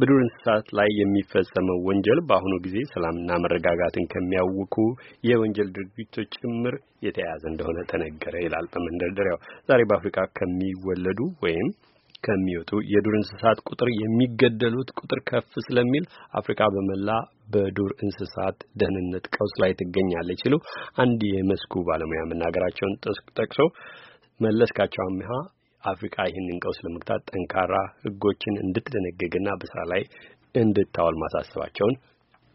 በዱር እንስሳት ላይ የሚፈጸመው ወንጀል በአሁኑ ጊዜ ሰላምና መረጋጋትን ከሚያውኩ የወንጀል ድርጊቶች ጭምር የተያያዘ እንደሆነ ተነገረ ይላል በመንደርደሪያው። ዛሬ በአፍሪካ ከሚወለዱ ወይም ከሚወጡ የዱር እንስሳት ቁጥር የሚገደሉት ቁጥር ከፍ ስለሚል አፍሪካ በመላ በዱር እንስሳት ደህንነት ቀውስ ላይ ትገኛለች ሲሉ አንድ የመስኩ ባለሙያ መናገራቸውን ጠቅሶ መለስካቸው አምሃ አፍሪካ ይህንን ቀውስ ለመግታት ጠንካራ ህጎችን እንድትደነግግና በስራ ላይ እንድታውል ማሳሰባቸውን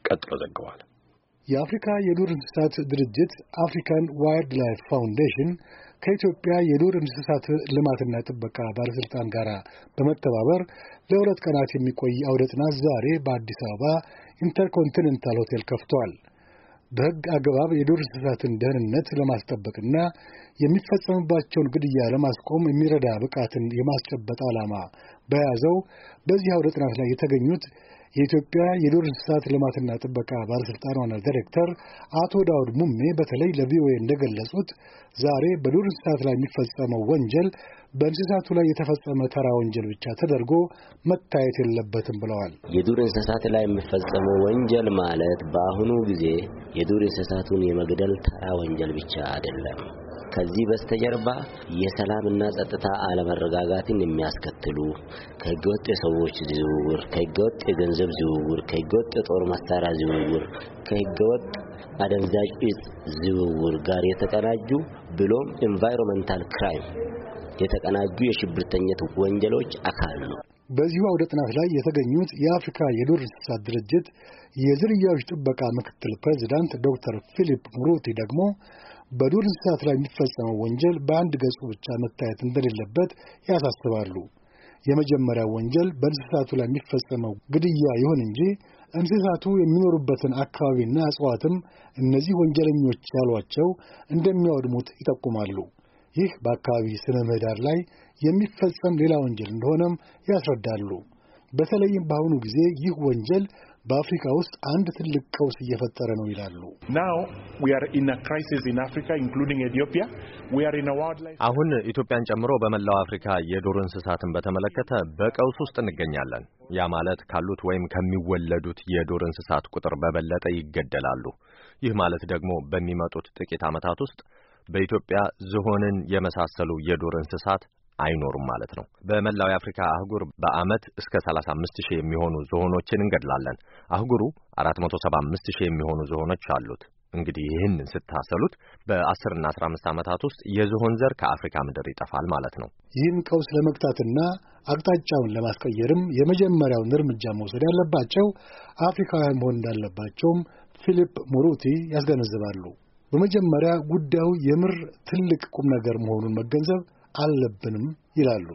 ቀጥሎ ዘግቧል። የአፍሪካ የዱር እንስሳት ድርጅት አፍሪካን ዋይልድ ላይፍ ፋውንዴሽን ከኢትዮጵያ የዱር እንስሳት ልማትና ጥበቃ ባለሥልጣን ጋር በመተባበር ለሁለት ቀናት የሚቆይ አውደ ጥናት ዛሬ በአዲስ አበባ ኢንተርኮንቲኔንታል ሆቴል ከፍቷል። በሕግ አግባብ የዱር እንስሳትን ደህንነት ለማስጠበቅና የሚፈጸምባቸውን ግድያ ለማስቆም የሚረዳ ብቃትን የማስጨበጥ ዓላማ በያዘው በዚህ አውደ ጥናት ላይ የተገኙት የኢትዮጵያ የዱር እንስሳት ልማትና ጥበቃ ባለሥልጣን ዋና ዲሬክተር አቶ ዳውድ ሙሜ በተለይ ለቪኦኤ እንደገለጹት ዛሬ በዱር እንስሳት ላይ የሚፈጸመው ወንጀል በእንስሳቱ ላይ የተፈጸመ ተራ ወንጀል ብቻ ተደርጎ መታየት የለበትም ብለዋል። የዱር እንስሳት ላይ የሚፈጸመው ወንጀል ማለት በአሁኑ ጊዜ የዱር እንስሳቱን የመግደል ተራ ወንጀል ብቻ አይደለም። ከዚህ በስተጀርባ የሰላምና ጸጥታ አለመረጋጋትን የሚያስከትሉ ከህገወጥ የሰዎች ዝውውር፣ ከህገወጥ የገንዘብ ዝውውር፣ ከህገወጥ የጦር መሳሪያ ዝውውር፣ ከህገወጥ አደንዛዥ እጽ ዝውውር ጋር የተቀናጁ ብሎም ኢንቫይሮንመንታል ክራይም የተቀናጁ የሽብርተኝነት ወንጀሎች አካል ነው። በዚሁ አውደ ጥናት ላይ የተገኙት የአፍሪካ የዱር እንስሳት ድርጅት የዝርያዎች ጥበቃ ምክትል ፕሬዚዳንት ዶክተር ፊሊፕ ሙሩቲ ደግሞ በዱር እንስሳት ላይ የሚፈጸመው ወንጀል በአንድ ገጹ ብቻ መታየት እንደሌለበት ያሳስባሉ። የመጀመሪያው ወንጀል በእንስሳቱ ላይ የሚፈጸመው ግድያ ይሁን እንጂ እንስሳቱ የሚኖሩበትን አካባቢና እጽዋትም እነዚህ ወንጀለኞች ያሏቸው እንደሚያወድሙት ይጠቁማሉ። ይህ በአካባቢ ስነ ምህዳር ላይ የሚፈጸም ሌላ ወንጀል እንደሆነም ያስረዳሉ። በተለይም በአሁኑ ጊዜ ይህ ወንጀል በአፍሪካ ውስጥ አንድ ትልቅ ቀውስ እየፈጠረ ነው ይላሉ። አሁን ኢትዮጵያን ጨምሮ በመላው አፍሪካ የዱር እንስሳትን በተመለከተ በቀውስ ውስጥ እንገኛለን። ያ ማለት ካሉት ወይም ከሚወለዱት የዱር እንስሳት ቁጥር በበለጠ ይገደላሉ። ይህ ማለት ደግሞ በሚመጡት ጥቂት ዓመታት ውስጥ በኢትዮጵያ ዝሆንን የመሳሰሉ የዱር እንስሳት አይኖሩም ማለት ነው። በመላው የአፍሪካ አህጉር በአመት እስከ 35 ሺህ የሚሆኑ ዝሆኖችን እንገድላለን። አህጉሩ 475 ሺህ የሚሆኑ ዝሆኖች አሉት። እንግዲህ ይህን ስታሰሉት በ10ና 15 ዓመታት ውስጥ የዝሆን ዘር ከአፍሪካ ምድር ይጠፋል ማለት ነው። ይህን ቀውስ ለመግታትና አቅጣጫውን ለማስቀየርም የመጀመሪያውን እርምጃ መውሰድ ያለባቸው አፍሪካውያን መሆን እንዳለባቸውም ፊሊፕ ሙሩቲ ያስገነዝባሉ። በመጀመሪያ ጉዳዩ የምር ትልቅ ቁም ነገር መሆኑን መገንዘብ አለብንም ይላሉ።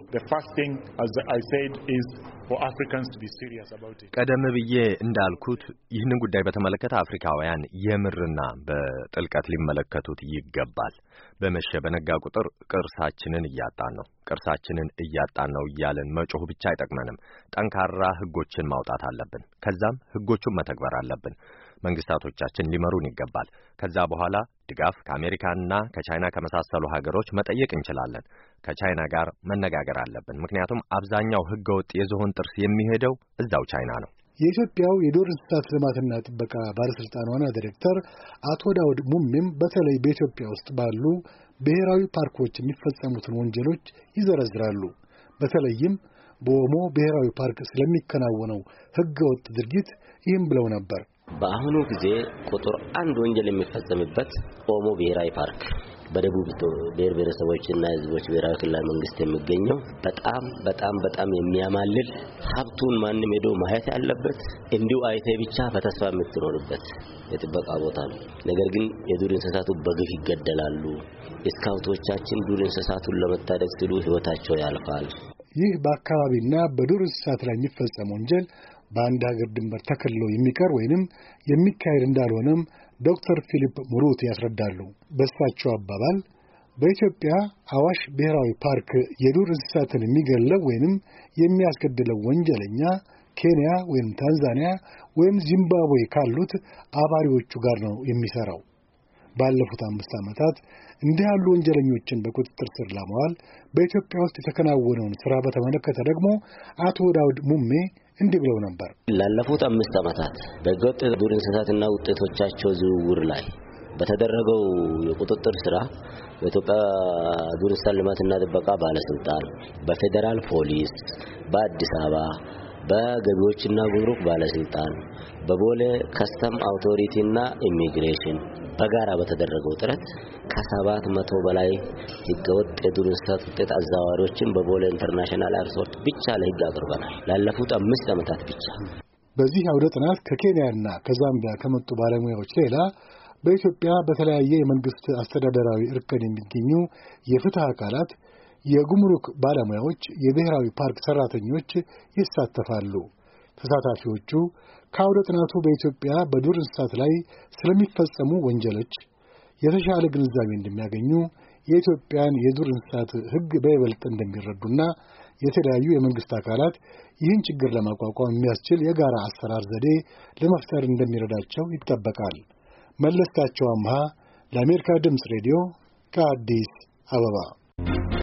ቀደም ብዬ እንዳልኩት ይህንን ጉዳይ በተመለከተ አፍሪካውያን የምርና በጥልቀት ሊመለከቱት ይገባል። በመሸ በነጋ ቁጥር ቅርሳችንን እያጣን ነው፣ ቅርሳችንን እያጣን ነው እያልን መጮህ ብቻ አይጠቅመንም። ጠንካራ ሕጎችን ማውጣት አለብን። ከዛም ሕጎቹን መተግበር አለብን። መንግስታቶቻችን ሊመሩን ይገባል። ከዛ በኋላ ድጋፍ ከአሜሪካና ከቻይና ከመሳሰሉ ሀገሮች መጠየቅ እንችላለን። ከቻይና ጋር መነጋገር አለብን። ምክንያቱም አብዛኛው ህገወጥ የዝሆን ጥርስ የሚሄደው እዛው ቻይና ነው። የኢትዮጵያው የዱር እንስሳት ልማትና ጥበቃ ባለስልጣን ዋና ዲሬክተር አቶ ዳውድ ሙሚም በተለይ በኢትዮጵያ ውስጥ ባሉ ብሔራዊ ፓርኮች የሚፈጸሙትን ወንጀሎች ይዘረዝራሉ። በተለይም በኦሞ ብሔራዊ ፓርክ ስለሚከናወነው ህገወጥ ድርጊት ይህም ብለው ነበር። በአሁኑ ጊዜ ቁጥር አንድ ወንጀል የሚፈጸምበት ኦሞ ብሔራዊ ፓርክ በደቡብ ብሔር ብሔረሰቦችና ሕዝቦች ብሔራዊ ክልላዊ መንግስት የሚገኘው በጣም በጣም በጣም የሚያማልል ሀብቱን ማንም ሄዶ ማየት ያለበት እንዲሁ አይተ ብቻ በተስፋ የምትኖርበት የጥበቃ ቦታ ነው። ነገር ግን የዱር እንስሳቱ በግፍ ይገደላሉ። ስካውቶቻችን ዱር እንስሳቱን ለመታደግ ሲሉ ህይወታቸው ያልፋል። ይህ በአካባቢና በዱር እንስሳት ላይ የሚፈጸም ወንጀል በአንድ ሀገር ድንበር ተከልሎ የሚቀር ወይንም የሚካሄድ እንዳልሆነም ዶክተር ፊሊፕ ሙሩት ያስረዳሉ። በእሳቸው አባባል በኢትዮጵያ አዋሽ ብሔራዊ ፓርክ የዱር እንስሳትን የሚገለው ወይንም የሚያስገድለው ወንጀለኛ ኬንያ ወይም ታንዛኒያ ወይም ዚምባብዌ ካሉት አባሪዎቹ ጋር ነው የሚሰራው። ባለፉት አምስት ዓመታት እንዲህ ያሉ ወንጀለኞችን በቁጥጥር ስር ለማዋል በኢትዮጵያ ውስጥ የተከናወነውን ሥራ በተመለከተ ደግሞ አቶ ዳውድ ሙሜ እንዲህ ብለው ነበር። ላለፉት አምስት ዓመታት በህገወጥ ዱር እንስሳትና ውጤቶቻቸው ዝውውር ላይ በተደረገው የቁጥጥር ስራ በኢትዮጵያ ዱር እንስሳት ልማትና ጥበቃ ባለስልጣን፣ በፌዴራል ፖሊስ፣ በአዲስ አበባ በገቢዎችና ጉምሩክ ባለስልጣን፣ በቦሌ ከስተም አውቶሪቲ ኢሚግሬሽን በጋራ በተደረገው ጥረት ከሰባት መቶ በላይ ህገወጥ የዱር እንስሳት ውጤት አዘዋዋሪዎችን በቦሌ ኢንተርናሽናል አርሶርት ብቻ ለህግ አቅርበናል። ላለፉት አምስት ዓመታት ብቻ። በዚህ አውደ ጥናት ከኬንያና ከዛምቢያ ከመጡ ባለሙያዎች ሌላ በኢትዮጵያ በተለያየ የመንግስት አስተዳደራዊ እርከን የሚገኙ የፍትህ አካላት፣ የጉምሩክ ባለሙያዎች፣ የብሔራዊ ፓርክ ሰራተኞች ይሳተፋሉ። ተሳታፊዎቹ ከአውደ ጥናቱ በኢትዮጵያ በዱር እንስሳት ላይ ስለሚፈጸሙ ወንጀሎች የተሻለ ግንዛቤ እንደሚያገኙ የኢትዮጵያን የዱር እንስሳት ሕግ በይበልጥ እንደሚረዱና የተለያዩ የመንግሥት አካላት ይህን ችግር ለማቋቋም የሚያስችል የጋራ አሰራር ዘዴ ለመፍጠር እንደሚረዳቸው ይጠበቃል። መለስካቸው አምሃ ለአሜሪካ ድምፅ ሬዲዮ ከአዲስ አበባ